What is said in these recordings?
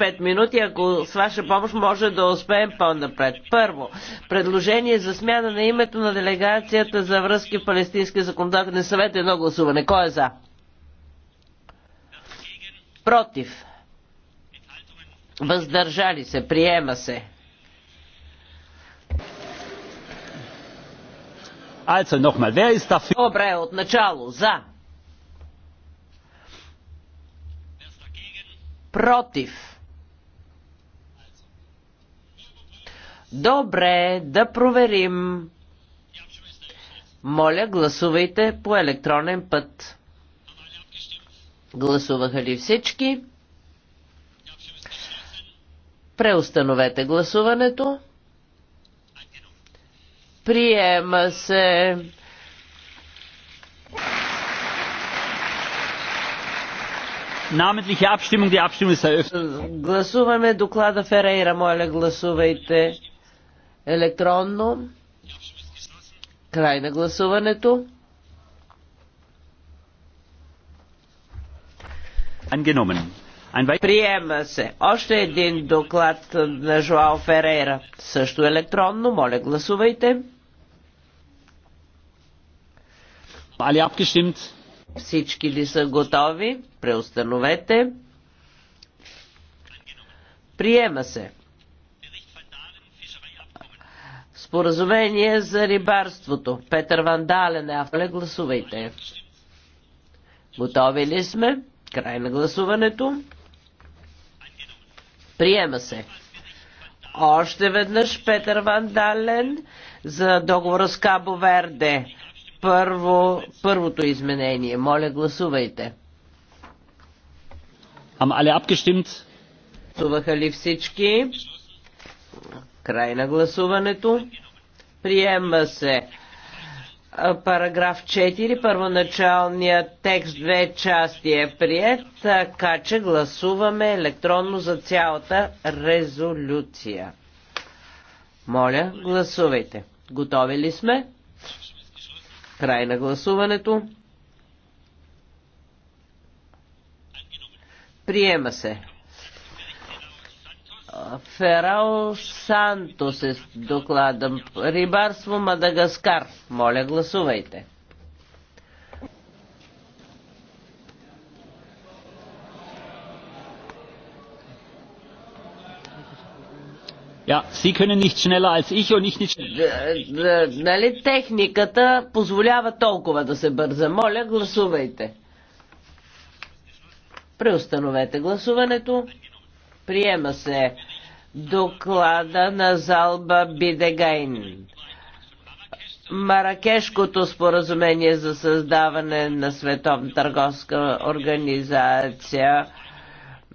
5 минути, ако с ваша помощ може да успеем по-напред. Първо, предложение за смяна на името на делегацията за връзки в Палестинския законодателен съвет. Едно гласуване. Кой е за? Против. Въздържали се. Приема се. Also nochmal, wer ist dafür? Добре, от начало, за. Против. Добре, да проверим. Моля, гласувайте по електронен път. Гласуваха ли всички? Преустановете гласуването. Приема се. Е Гласуваме доклада Ферейра, моля гласувайте електронно. Край на гласуването. Приема се. Още един доклад на Жоао Ферейра. Също електронно. Моля, гласувайте. Всички ли са готови? Преустановете. Приема се. Споразумение за рибарството. Петър Вандален е автор. Гласувайте. Готови ли сме? Край на гласуването. Приема се. Още веднъж Петър Вандален за договора с Кабо Верде. Първо, първото изменение. Моля, гласувайте. Ам але abgestimmt? Гласуваха ли всички? Край на гласуването. Приема се параграф 4, първоначалният текст, две части е прият, така че гласуваме електронно за цялата резолюция. Моля, гласувайте. Готови ли сме? Край на гласуването. Приема се. Ферао Сантос е доклада. Рибарство Мадагаскар. Моля, гласувайте. Ja, Sie können nicht schneller als ich und ich nicht schneller. Е, е, нали техниката позволява толкова да се бърза. Моля, гласувайте. Преустановете гласуването. Приема се доклада на Залба Бидегайн. Маракешкото споразумение за създаване на Световна търговска организация.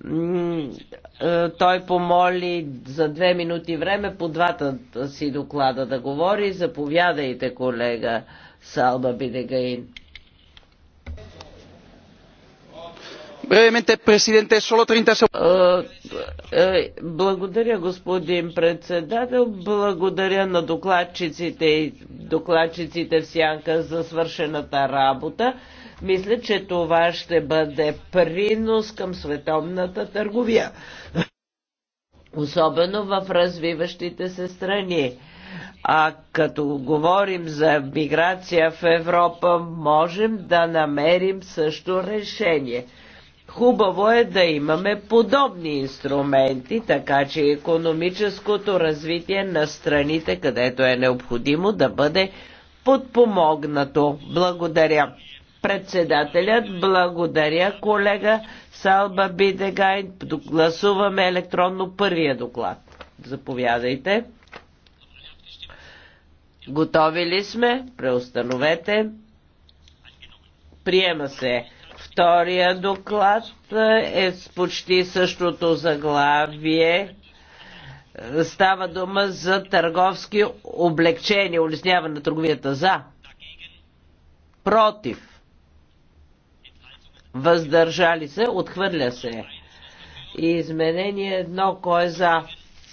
Е, той помоли за две минути време по двата си доклада да говори. Заповядайте, колега Салба Бидегаин. Brevemente, presidente, solo 30 секунди. Е, благодаря, господин председател. Благодаря на докладчиците и докладчиците в сянка за свършената работа. Мисля, че това ще бъде принос към световната търговия. Особено в развиващите се страни. А като говорим за миграция в Европа, можем да намерим също решение – Хубаво е да имаме подобни инструменти, така че економическото развитие на страните, където е необходимо да бъде подпомогнато. Благодаря. Председателят, благодаря колега Салба Бидегайн. Гласуваме електронно първия доклад. Заповядайте. Готови ли сме? Преустановете. Приема се. Втория доклад е с почти същото заглавие. Става дума за търговски облегчения, улесняване на търговията за, против, въздържали се, отхвърля се. И изменение едно, кой е за,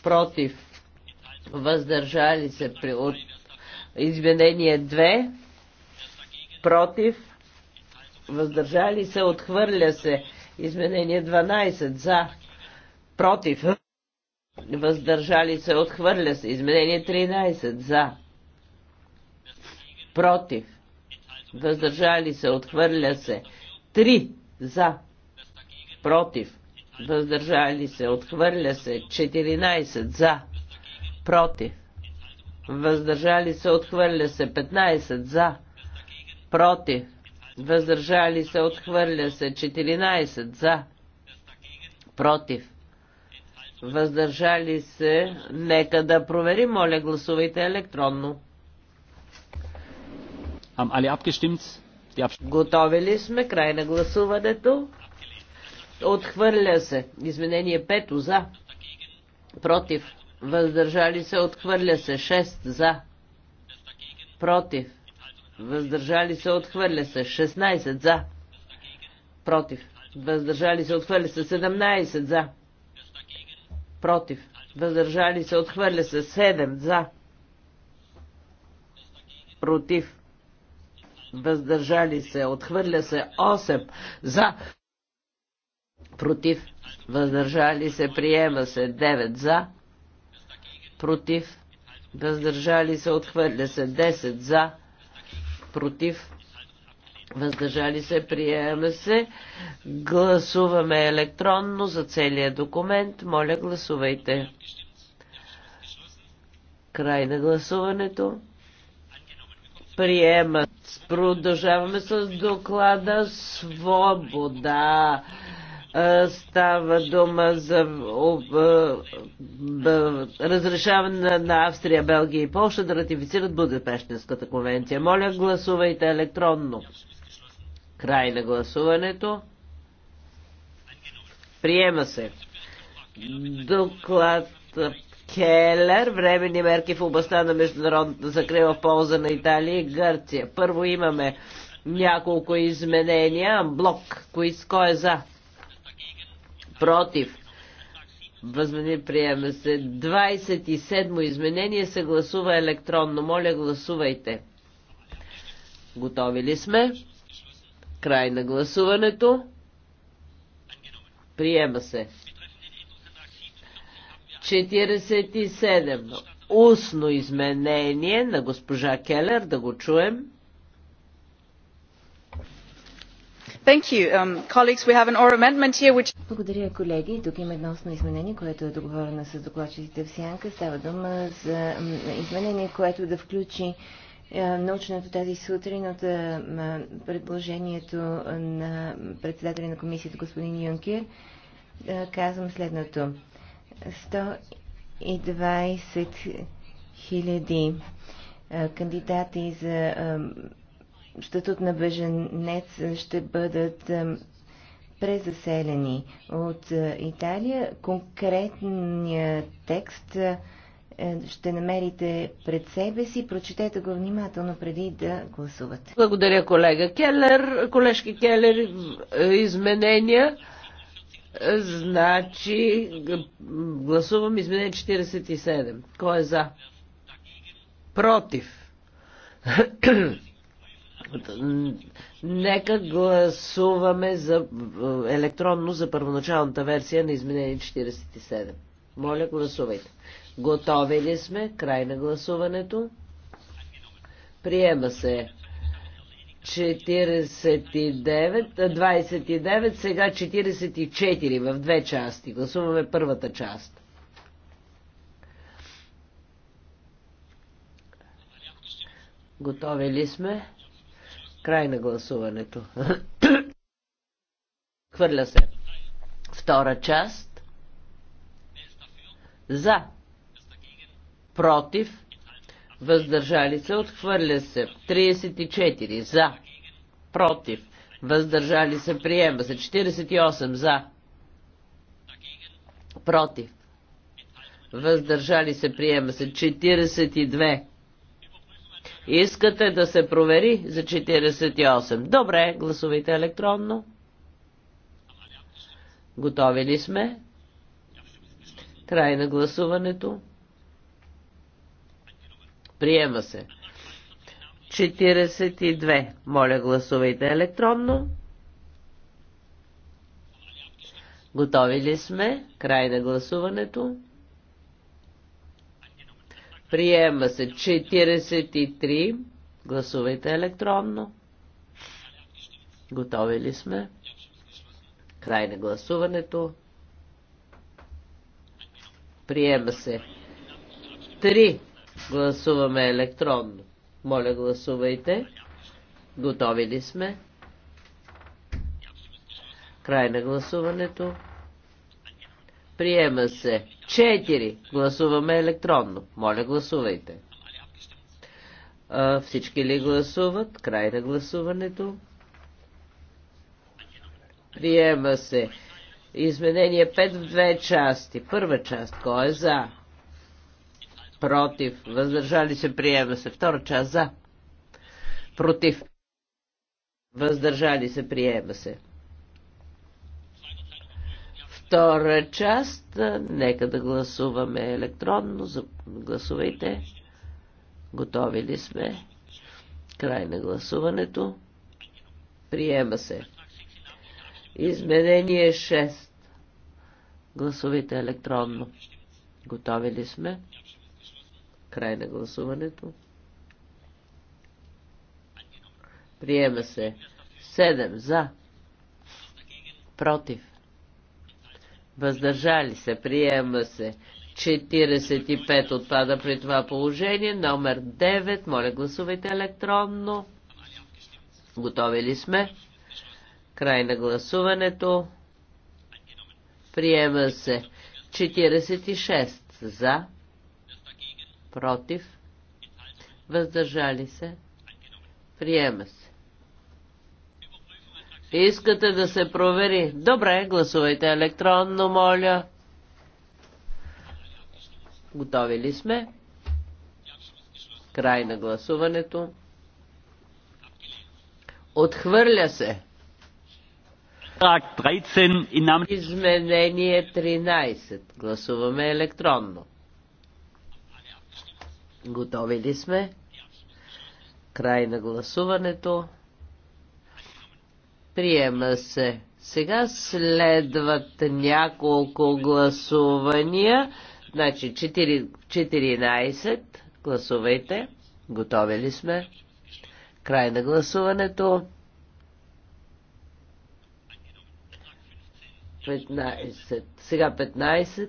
против, въздържали се при от... изменение 2, против, въздържали се, отхвърля се. Изменение 12 за, против, въздържали се, отхвърля се. Изменение 13 за, против, въздържали се, отхвърля се. 3 за, против, въздържали се, отхвърля се. 14 за, против, въздържали се, отхвърля се. 15 за, против, въздържали се, отхвърля се 14 за, против, въздържали се, нека да проверим, моля гласувайте електронно. Готови ли сме? Край на гласуването. Отхвърля се. Изменение 5 за. Против. Въздържали се. Отхвърля се. 6 за. Против въздържали се, отхвърля се. 16 за, против, въздържали се, отхвърля се. 17 за, против, въздържали се, отхвърля се. 7 за, против, въздържали се, отхвърля се. 8 за, против, въздържали се, приема се. 9 за, против, въздържали се, отхвърля се. 10 за, против, въздържали се, приема се. Гласуваме електронно за целия документ. Моля, гласувайте. Край на гласуването. Приема. Продължаваме с доклада Свобода. Е, става дума за е, разрешаване на Австрия, Белгия и Польша да ратифицират Будапештинската конвенция. Моля, гласувайте електронно. Край на гласуването. Приема се. Доклад Келер, Времени мерки в областта на международната закрива в полза на Италия и Гърция. Първо имаме няколко изменения. Блок, кой, кой е за? против, Възмени приема се. 27 изменение се гласува електронно. Моля, гласувайте. Готови ли сме? Край на гласуването. Приема се. 47. Устно изменение на госпожа Келер. Да го чуем. Um, Благодаря, колеги. Тук има едно основно изменение, което е договорено с докладчиците в Сянка. Става дума за изменение, което да включи е, научното тази сутрин от е, предложението на председателя на комисията господин Юнкер. Е, казвам следното. 120 хиляди кандидати за статут на беженец ще бъдат презаселени от е, Италия. Конкретният текст е, ще намерите пред себе си. Прочетете го внимателно преди да гласувате. Благодаря, колега Келер. Колежки Келер, е, изменения. Значи, гласувам изменение 47. Кой е за? Против. Нека гласуваме за е, електронно за първоначалната версия на изменение 47. Моля, гласувайте. Готови ли сме? Край на гласуването. Приема се 49, 29, е, сега 44 в две части. Гласуваме първата част. Готови ли сме? Край на гласуването. Хвърля се. Втора част. За. Против. Въздържали се. Отхвърля се. 34. За. Против. Въздържали се. Приема се. 48. За. Против. Въздържали се. Приема се. 42. Искате да се провери за 48. Добре, гласувайте електронно. Готови ли сме? Край на гласуването. Приема се. 42. Моля, гласувайте електронно. Готови ли сме? Край на гласуването. Приема се 43. Гласувайте електронно. Готови ли сме? Край на гласуването. Приема се. 3. Гласуваме електронно. Моля, гласувайте. Готови ли сме? Край на гласуването. Приема се. 4. Гласуваме електронно. Моля, гласувайте. А, всички ли гласуват? Край на гласуването. Приема се. Изменение 5 в две части. Първа част. Кой е за? Против. Въздържали се. Приема се. Втора част. За. Против. Въздържали се. Приема се. Втора част, нека да гласуваме електронно. Гласувайте. Готови ли сме? Край на гласуването. Приема се. Изменение 6. Гласувайте електронно. Готови ли сме? Край на гласуването. Приема се. 7 за. Против. Въздържали се. Приема се. 45 отпада при това положение. Номер 9. Моля, гласувайте електронно. Готови ли сме? Край на гласуването. Приема се. 46 за. Против. Въздържали се. Приема се. Искате да се провери? Добре, гласувайте електронно, моля. Готови ли сме? Край на гласуването. Отхвърля се. Изменение 13. Гласуваме електронно. Готови ли сме? Край на гласуването. Приема се. Сега следват няколко гласувания. Значи 4, 14. Гласувайте. Готови ли сме? Край на гласуването. 15. Сега 15.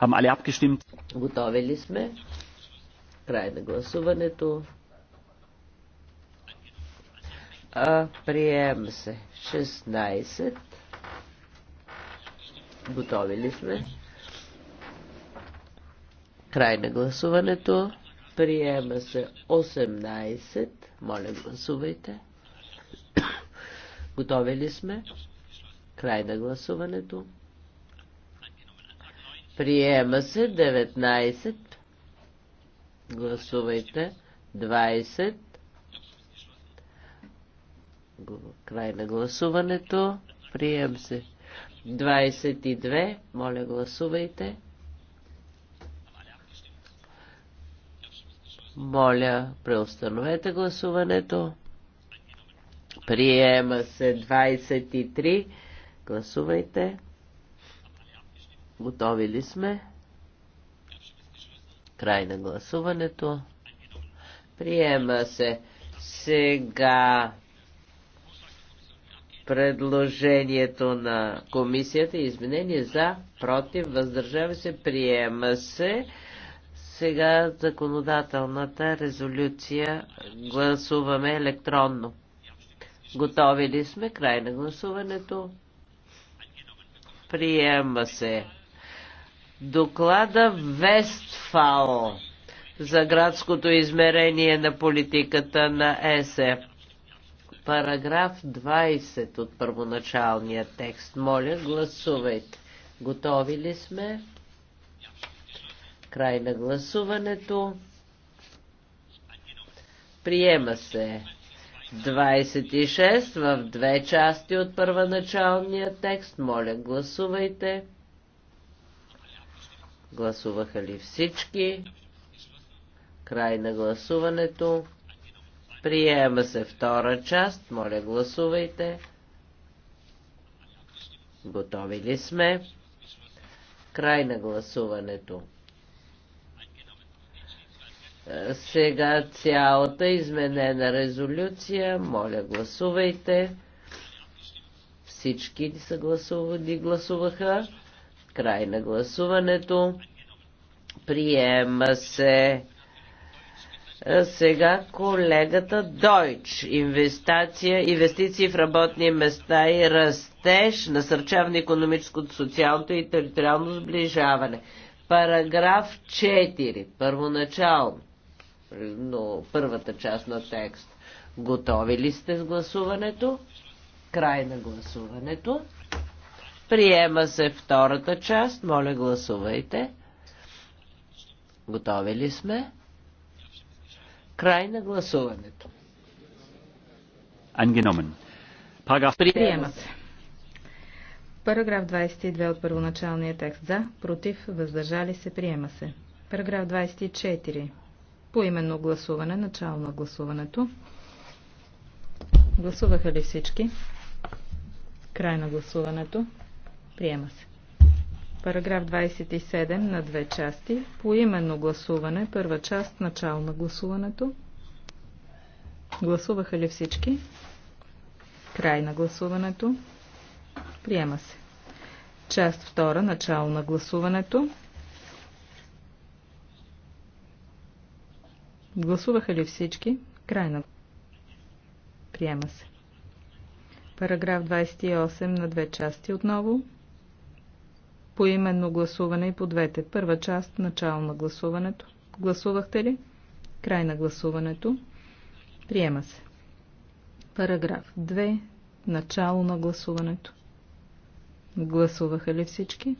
Haben alle abgestimmt? Готови ли сме? Край на гласуването. А, прием се. 16. Готови ли сме? Край на гласуването. Приема се 18. Моля, гласувайте. Готови ли сме? Край на гласуването. Приема се 19. Гласувайте. 20. Край на гласуването. Прием се. 22. Моля, гласувайте. Моля, преустановете гласуването. Приема се 23. Гласувайте. Готови ли сме? Край на гласуването. Приема се. Сега Предложението на комисията изменение за, против, въздържава се, приема се. Сега законодателната резолюция гласуваме електронно. Готови ли сме? Край на гласуването. Приема се. Доклада Вестфал за градското измерение на политиката на ЕСЕ. Параграф 20 от първоначалния текст. Моля, гласувайте. Готови ли сме? Край на гласуването. Приема се. 26 в две части от първоначалния текст. Моля, гласувайте. Гласуваха ли всички? Край на гласуването. Приема се втора част. Моля, гласувайте. Готови ли сме? Край на гласуването. Е, сега цялата изменена резолюция. Моля, гласувайте. Всички са гласували, гласуваха. Край на гласуването. Приема се. Е, сега колегата Дойч. Инвестиция, инвестиции в работни места и растеж, насърчаване економическото, социалното и териториално сближаване. Параграф 4. Първоначално. Но първата част на текст. Готови ли сте с гласуването? Край на гласуването. Приема се втората част. Моля, гласувайте. Готови ли сме? Край на гласуването. Ангеномен. Параграф... Приема се. Параграф 22 от първоначалния текст. За, против, въздържали се, приема се. Параграф 24. Поименно гласуване, начало на гласуването. Гласуваха ли всички? Край на гласуването. Приема се. Параграф 27 на две части. По именно гласуване. Първа част. Начало на гласуването. Гласуваха ли всички? Край на гласуването. Приема се. Част втора. Начало на гласуването. Гласуваха ли всички? Край на Приема се. Параграф 28 на две части отново. Поименно гласуване и по двете. Първа част, начало на гласуването. Гласувахте ли? Край на гласуването. Приема се. Параграф 2. Начало на гласуването. Гласуваха ли всички?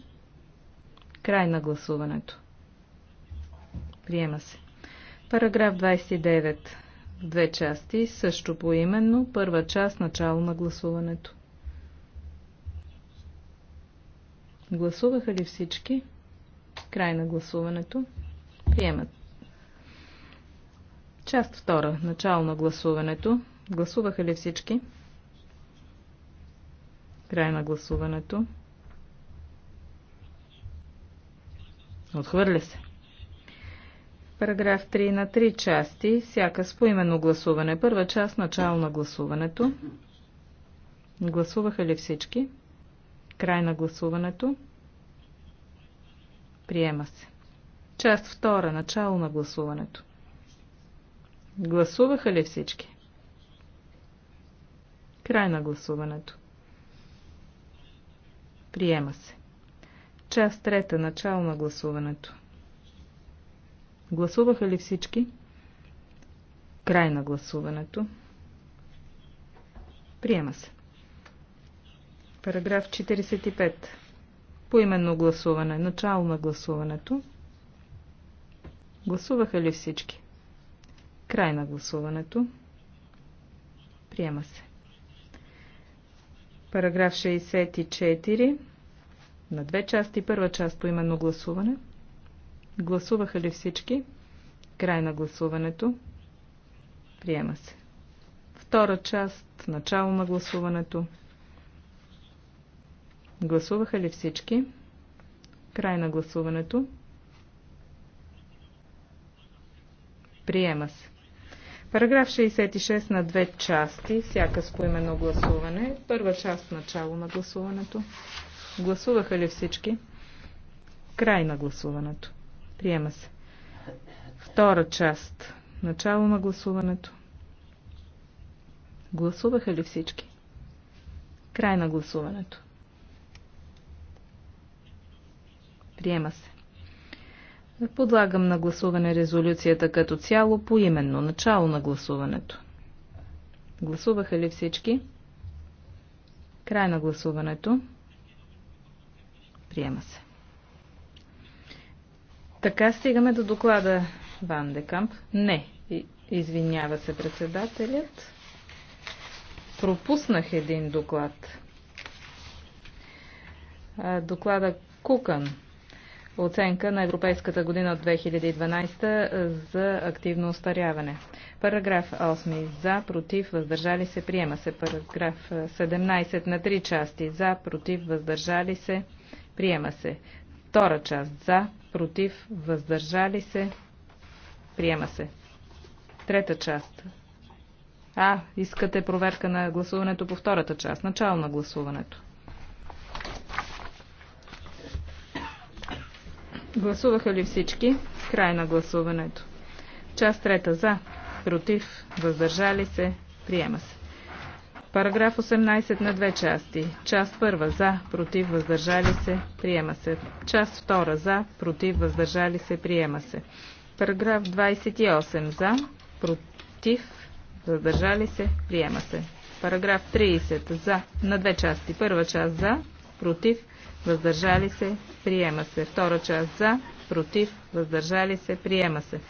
Край на гласуването. Приема се. Параграф 29. две части, също поименно, първа част начало на гласуването. Гласуваха ли всички? Край на гласуването. Приемат. Част втора. Начало на гласуването. Гласуваха ли всички? Край на гласуването. Отхвърля се. Параграф 3 на 3 части, всяка с поименно гласуване. Първа част, начало на гласуването. Гласуваха ли всички? Край на гласуването. Приема се. Част втора. Начало на гласуването. Гласуваха ли всички? Край на гласуването. Приема се. Част трета. Начало на гласуването. Гласуваха ли всички? Край на гласуването. Приема се. Параграф 45. Поименно гласуване. Начало на гласуването. Гласуваха ли всички? Край на гласуването. Приема се. Параграф 64. На две части. Първа част по именно гласуване. Гласуваха ли всички? Край на гласуването. Приема се. Втора част. Начало на гласуването. Гласуваха ли всички? Край на гласуването. Приема се. Параграф 66 на две части, всяка с поименно гласуване. Първа част начало на гласуването. Гласуваха ли всички? Край на гласуването. Приема се. Втора част. Начало на гласуването. Гласуваха ли всички? Край на гласуването. Приема се. Подлагам на гласуване резолюцията като цяло по именно начало на гласуването. Гласуваха ли всички? Край на гласуването. Приема се. Така стигаме до доклада Ван Декамп. Не, извинява се председателят. Пропуснах един доклад. Доклада Кукан оценка на Европейската година от 2012 за активно остаряване. Параграф 8. За, против, въздържали се, приема се. Параграф 17 на три части. За, против, въздържали се, приема се. Втора част. За, против, въздържали се, приема се. Трета част. А, искате проверка на гласуването по втората част. Начало на гласуването. Гласуваха ли всички? Край на гласуването. Част трета за, против, въздържали се, приема се. Параграф 18 на две части. Част първа за, против, въздържали се, приема се. Част втора за, против, въздържали се, приема се. Параграф 28 за, против, въздържали се, приема се. Параграф 30 за, на две части. Първа част за, против, въздържали се, приема се. Втора част за, против, въздържали се, приема се.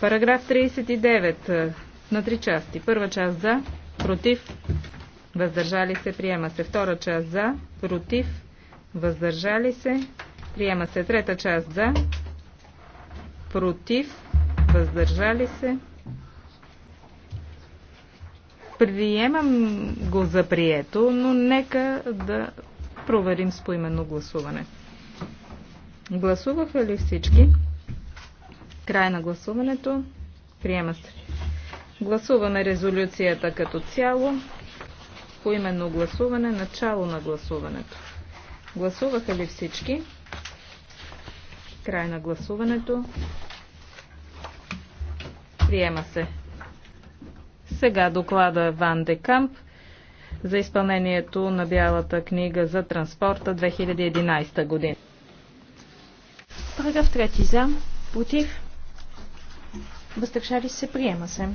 Параграф 39 на три части. Първа част за, против, въздържали се, приема се. Втора част за, против, въздържали се, приема се. Трета част за, против, въздържали се. Приемам го за прието, но нека да проверим с поименно гласуване. Гласуваха ли всички? Край на гласуването. Приема се. Гласуваме резолюцията като цяло. Поименно гласуване. Начало на гласуването. Гласуваха ли всички? Край на гласуването. Приема се. Сега доклада Ван Декамп. Камп за изпълнението на Бялата книга за транспорта 2011 година. Параграф 3 за, против, въздържали се, приема се.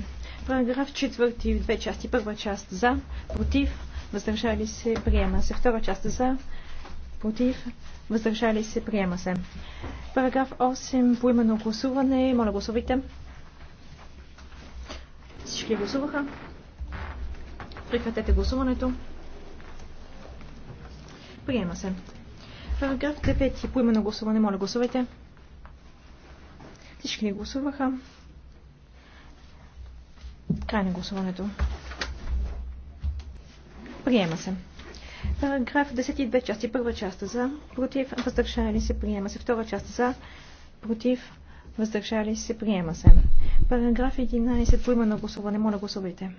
Параграф 4 в две части. Първа част за, против, въздържали се, приема се. Втора част за, против, въздържали се, приема се. Параграф 8 по именно гласуване. Моля гласувайте. Всички гласуваха. Прекратете гласуването. Приема се. Параграф 9. Поима на гласуване. Моля, гласувайте. Всички не гласуваха. Край на гласуването. Приема се. Параграф 10 части. Първа част за, против, въздържали се, приема се. Втора част за, против, въздържали се, приема се. Параграф 11. Поима на гласуване. Моля, гласувайте.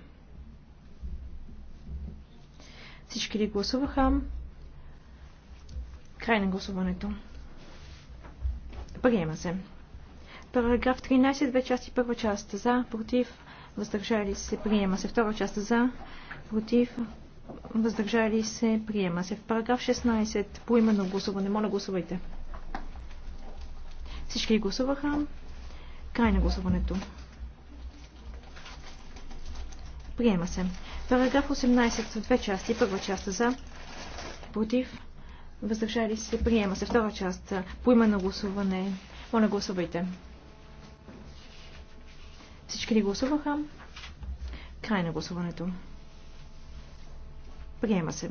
Всички ли гласуваха? Край на гласуването. Приема се. Параграф 13, две части, първа част за, против, въздържали се, приема се. Втора част за, против, въздържали се, приема се. В параграф 16, по именно гласуване, моля гласувайте. Всички ли гласуваха? Край на гласуването. Приема се. Параграф 18 в две части. Първа част за, против, въздържали се. Приема се. Втора част по име на гласуване. Моля, гласувайте. Всички ли гласуваха? Край на гласуването. Приема се.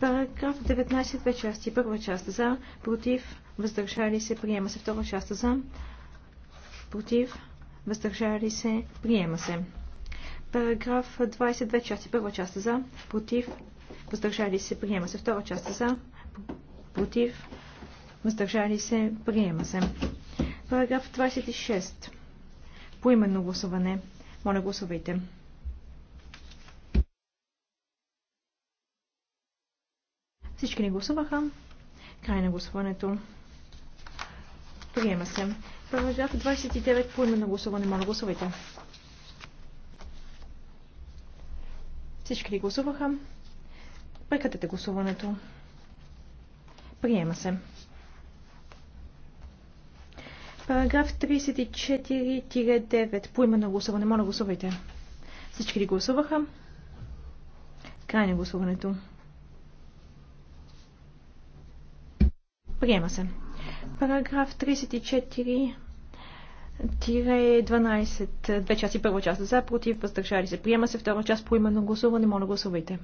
Параграф 19, две части. Първа част за, против, въздържали се, приема се. Втора част за, против, въздържали се, приема се. Параграф 22 части. Първа част за, против, въздържали се, приема се. Втора част за, против, въздържали се, приема се. Параграф 26. Поименно гласуване. Моля, гласувайте. Всички ни гласуваха. Край на гласуването. Приема се. Параграф 29. Поименно гласуване. Моля, гласувайте. Всички ли гласуваха? Прекратете гласуването. Приема се. Параграф 34-9. По на гласуване. Моля, гласувайте. Всички ли гласуваха? Край на гласуването. Приема се. Параграф 34. Тире 12. Две части. Първа част за, против, въздържали се. Приема се втора част по именно гласуване. Моля гласувайте.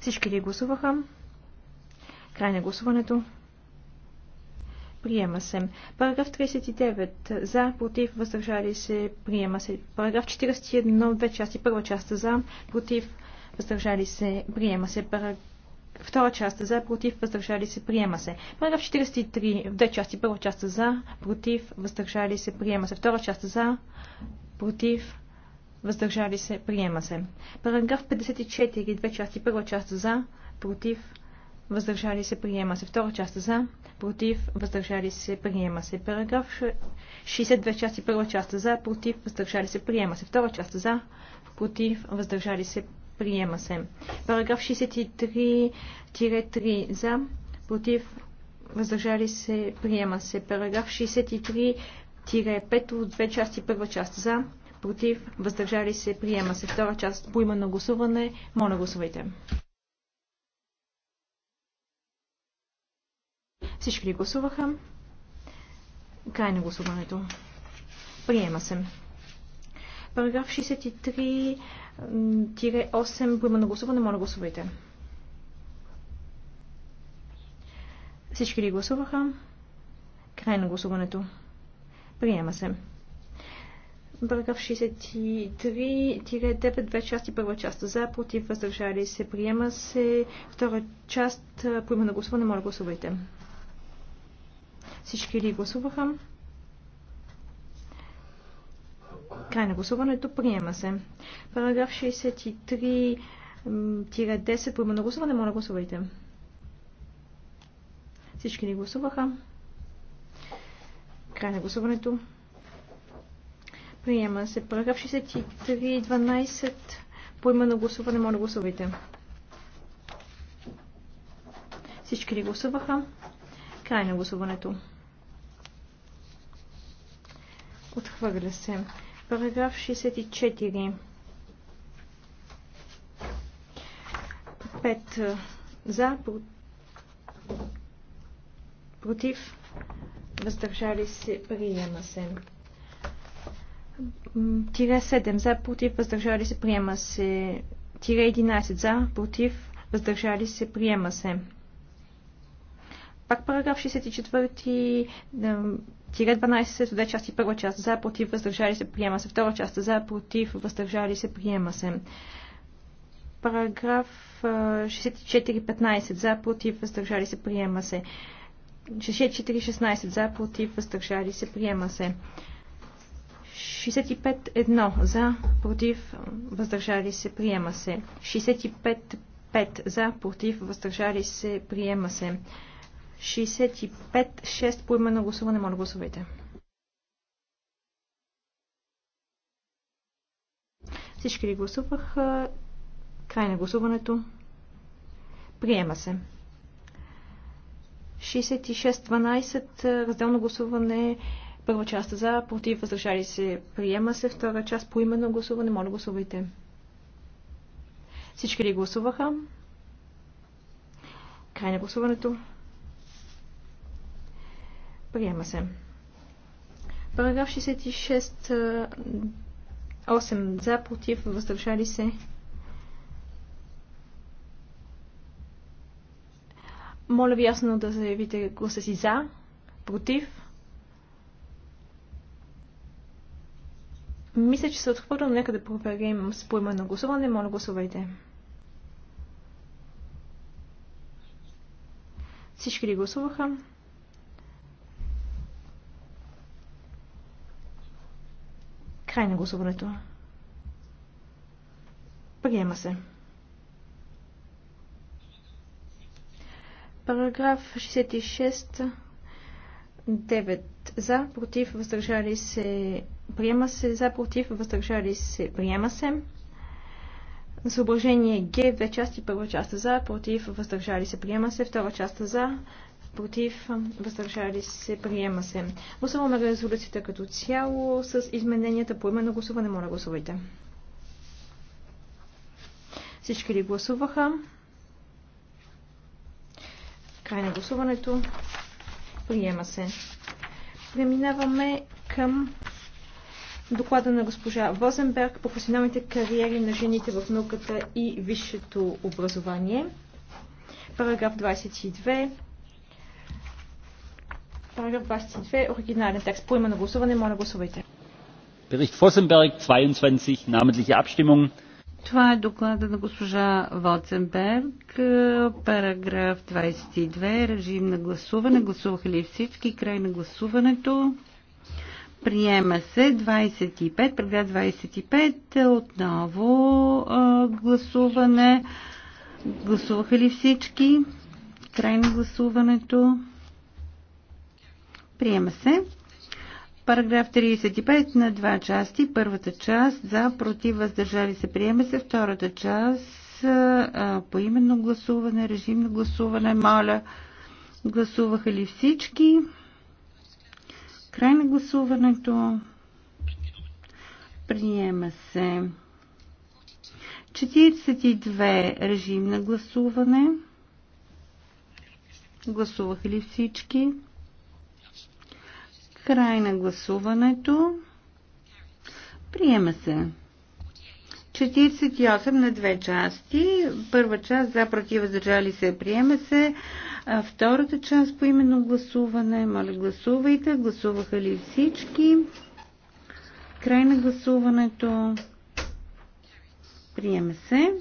Всички ли гласуваха? Край на гласуването. Приема се. Параграф 39. За, против, въздържали се. Приема се. Параграф 41. Две части. Първа част за, против, въздържали се. Приема се. Параграф Втора част за, против, въздържали се, приема се. Параграф 43 в две части. Първа част за, против, въздържали се, приема се. Втора част за, против, въздържали се, приема се. Параграф 54 две части. Първа част за, против, въздържали се, приема се. Втора част за, против, въздържали се, приема се. Параграф 62 части. Първа част за, против, въздържали се, приема се. Втора част за, против, въздържали се, Приема се. Параграф 63-3 за, против, въздържали се, приема се. Параграф 63-5 от две части, първа част за, против, въздържали се, приема се. Втора част по на гласуване. Моля, гласувайте. Всички ли гласуваха? Край на гласуването. Приема се. Параграф 63-8. Поема на гласуване. Моля гласувайте. Всички ли гласуваха? Край на гласуването. Приема се. Параграф 63-9, две части, първа част за, против, въздържали се, приема се. Втора част, поима на гласуване, моля гласувайте. Всички ли гласуваха? Край на гласуването. Приема се. Параграф 63-10. Поема на гласуване. Моля гласувайте. Всички ли гласуваха? Край на гласуването. Приема се. Параграф 63-12. Поема на гласуване. Моля гласувайте. Всички ли гласуваха? Край на гласуването. Отхвърля се. Параграф 64. 5 е, за, против, въздържали се, приема се. Тире 7 за, против, въздържали се, приема се. Тире 11 за, против, въздържали се, приема се. Пак параграф 64 Тире 12 се две части. Първа част за, против, въздържали се, приема се. Втора част за, против, въздържали се, приема се. Параграф 64-15 за, против, въздържали се, приема се. 64, 16 за, против, въздържали се, приема се. 65-1 за, против, въздържали се, приема се. 65-5 за, против, въздържали се, приема се. 65-6 по име на гласуване. Моля гласувайте. Всички ли гласуваха? Край на гласуването. Приема се. 66-12 разделно гласуване. Първа част за, против, възражали се. Приема се. Втора част по именно гласуване. Моля гласувайте. Всички ли гласуваха? Край на гласуването. Приема се. Параграф 66. 8 за, против, въздържали се. Моля ви ясно да заявите гласа си за, против. Мисля, че се отхвърлям. нека да проверим с поименно гласуване. Моля, гласувайте. Всички ли гласуваха? Край на гласуването. Приема се. Параграф 66. 9 за, против, въздържали се, приема се, за, против, въздържали се, приема се. Съображение Г, две части, първа част за, против, въздържали се, приема се, втора част за, против, въздържали се, приема се. Гласуваме резолюцията като цяло с измененията по именно гласуване. Моля, гласувайте. Всички ли гласуваха? Край на гласуването. Приема се. Преминаваме към доклада на госпожа Возенберг професионалните кариери на жените в науката и висшето образование. Параграф 22. Параграф 22, оригинален текст. По на гласуване, моля гласувайте. Bericht Фосенберг, 22, namentliche Abstimmung. Това е доклада на госпожа Воценберг, параграф 22, режим на гласуване. Гласуваха ли всички? Край на гласуването. Приема се 25, преглед 25, отново гласуване. Гласуваха ли всички? Край на гласуването. Приема се. Параграф 35 на два части. Първата част за против въздържали се приема се. Втората част по именно гласуване, режим на гласуване. Моля, гласуваха ли всички? Край на гласуването. Приема се. 42 режим на гласуване. Гласуваха ли всички? Край на гласуването. Приема се. 48 на две части. Първа част за против въздържали се приема се. А втората част по именно гласуване. Моля гласувайте. Гласуваха ли всички? Край на гласуването. Приема се.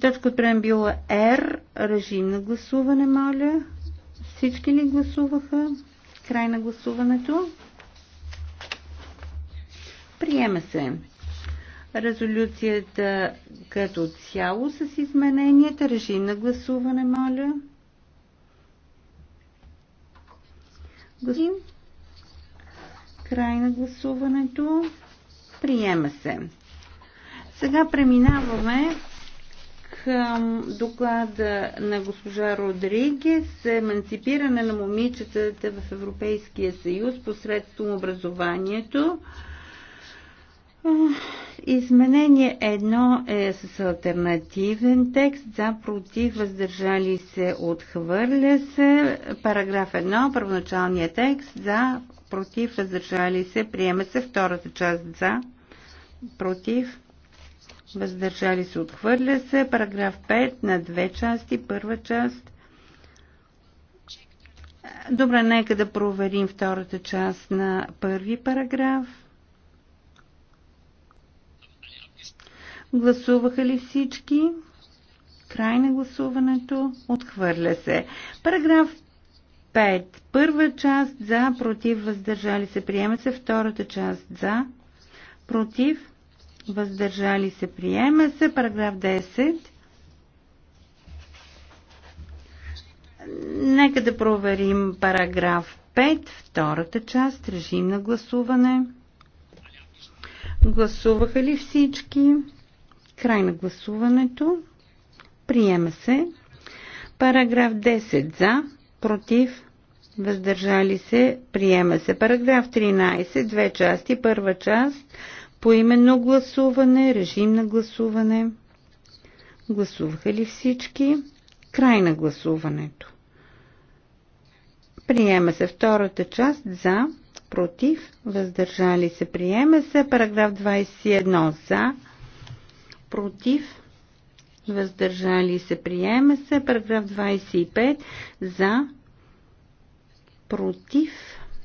Точка от била R. Режим на гласуване, моля. Всички ли гласуваха? Край на гласуването. Приема се резолюцията като цяло с измененията. Режим на гласуване, моля. Господин. Край на гласуването. Приема се. Сега преминаваме към доклада на госпожа Родригес еманципиране на момичетата в Европейския съюз посредством образованието. Изменение едно е с альтернативен текст за против въздържали се отхвърля се. Параграф 1, първоначалният текст за против въздържали се приема се втората част за против въздържали се, отхвърля се. Параграф 5 на две части, първа част. Добре, нека да проверим втората част на първи параграф. Гласуваха ли всички? Край на гласуването. Отхвърля се. Параграф 5. Първа част за, против, въздържали се. Приема се втората част за, против, въздържали се, приема се. Параграф 10. Нека да проверим параграф 5, втората част, режим на гласуване. Гласуваха ли всички? Край на гласуването. Приема се. Параграф 10 за, против, въздържали се, приема се. Параграф 13, две части, първа част – Поименно гласуване, режим на гласуване. Гласуваха ли всички? Край на гласуването. Приема се втората част за, против, въздържали се. Приема се параграф 21 за, против, въздържали се. Приема се параграф 25 за, против,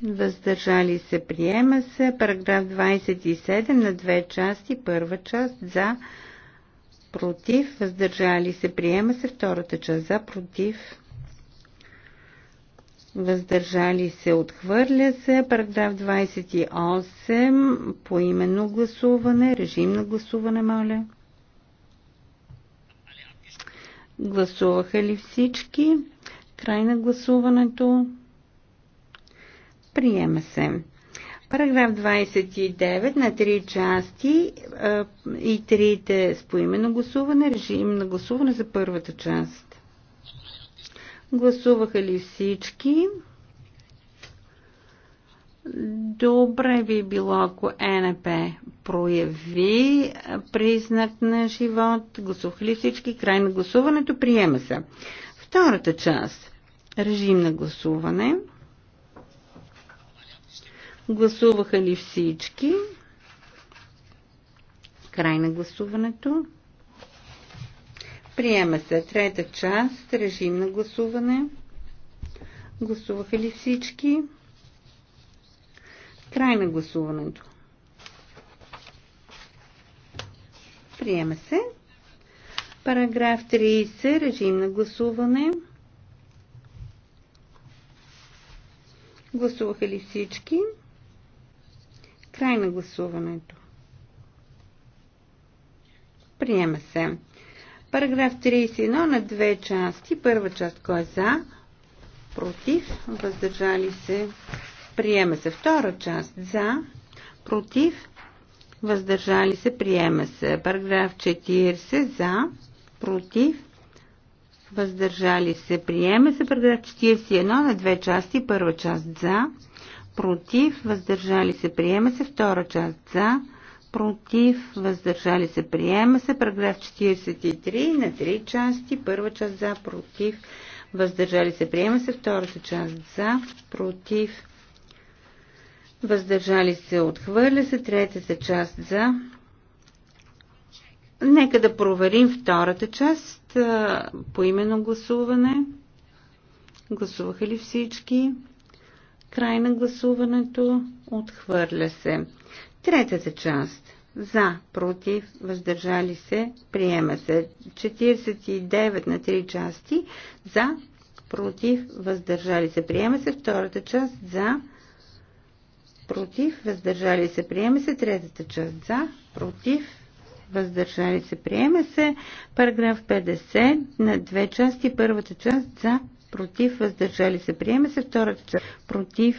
въздържали се, приема се. Параграф 27 на две части. Първа част за, против, въздържали се, приема се. Втората част за, против, въздържали се, отхвърля се. Параграф 28 по именно гласуване. Режим на гласуване, моля. Гласуваха ли всички? Край на гласуването. Приема се. Параграф 29 на три части и трите с поименно гласуване, режим на гласуване за първата част. Гласуваха ли всички? Добре би било, ако НП прояви признак на живот. Гласуваха ли всички? Край на гласуването приема се. Втората част. Режим на гласуване. Гласуваха ли всички? Край на гласуването. Приема се трета част, режим на гласуване. Гласуваха ли всички? Край на гласуването. Приема се. Параграф 30, режим на гласуване. Гласуваха ли всички? Край на гласуването. Приема се. Параграф 31 на две части. Първа част кой е за, против, въздържали се. Приема се. Втора част за, против, въздържали се. Приема се. Параграф 40 за, против, въздържали се. Приема се. Параграф 41 на две части. Първа част за, против, въздържали се, приема се. Втора част за, против, въздържали се, приема се. Параграф 43 на три части. Първа част за, против, въздържали се, приема се. Втората част за, против, въздържали се, отхвърля се. Третата част за. Нека да проверим втората част по именно гласуване. Гласуваха ли всички? Край на гласуването. Отхвърля се. Третата част. За, против, въздържали се, приема се. 49 на 3 части. За, против, въздържали се, приема се. Втората част. За, против, въздържали се, приема се. Третата част. За, против, въздържали се, приема се. Параграф 50 на две части. Първата част. За, против, въздържали се, приема се. Втората част против,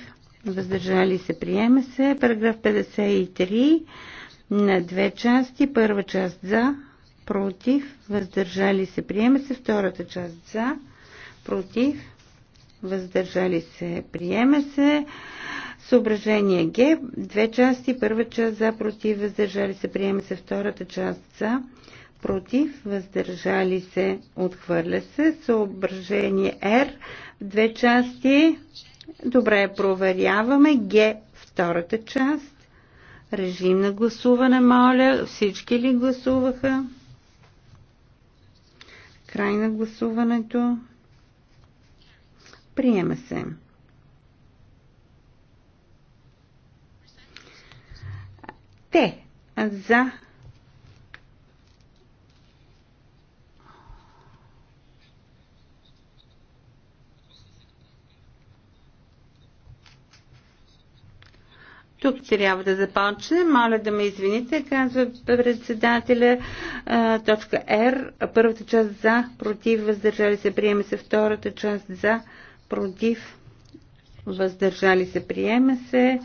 въздържали се, приема се. Параграф 53 на две части. Първа част за, против, въздържали се, приема се. Втората част за, против, въздържали се, приема се. Съображение Г. Две части. Първа част за, против, въздържали се, приема се. Втората част за, против, въздържали се, отхвърля се. Съображение Р в две части. Добре, проверяваме. Г втората част. Режим на гласуване, моля. Всички ли гласуваха? Край на гласуването. Приема се. Те за Тук трябва да започне. Моля да ме извините, казва председателя. Точка Р. Първата част за, против, въздържали се, приема се. Втората част за, против, въздържали се, приема се.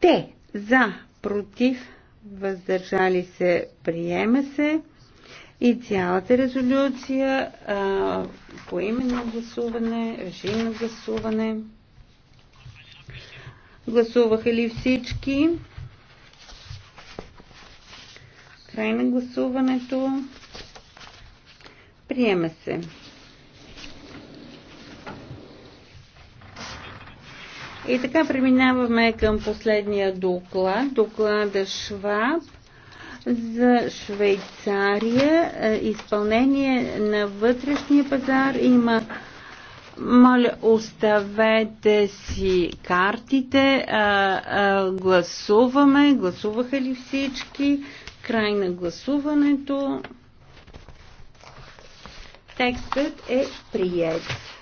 Те за, против, въздържали се, приема се. И цялата резолюция по именно гласуване, режим на гласуване. Гласуваха ли всички? Край на гласуването. Приема се. И така преминаваме към последния доклад. Доклада Шваб за Швейцария. Е, изпълнение на вътрешния пазар има моля, оставете си картите. А, а, гласуваме. Гласуваха ли всички? Край на гласуването. Текстът е прият.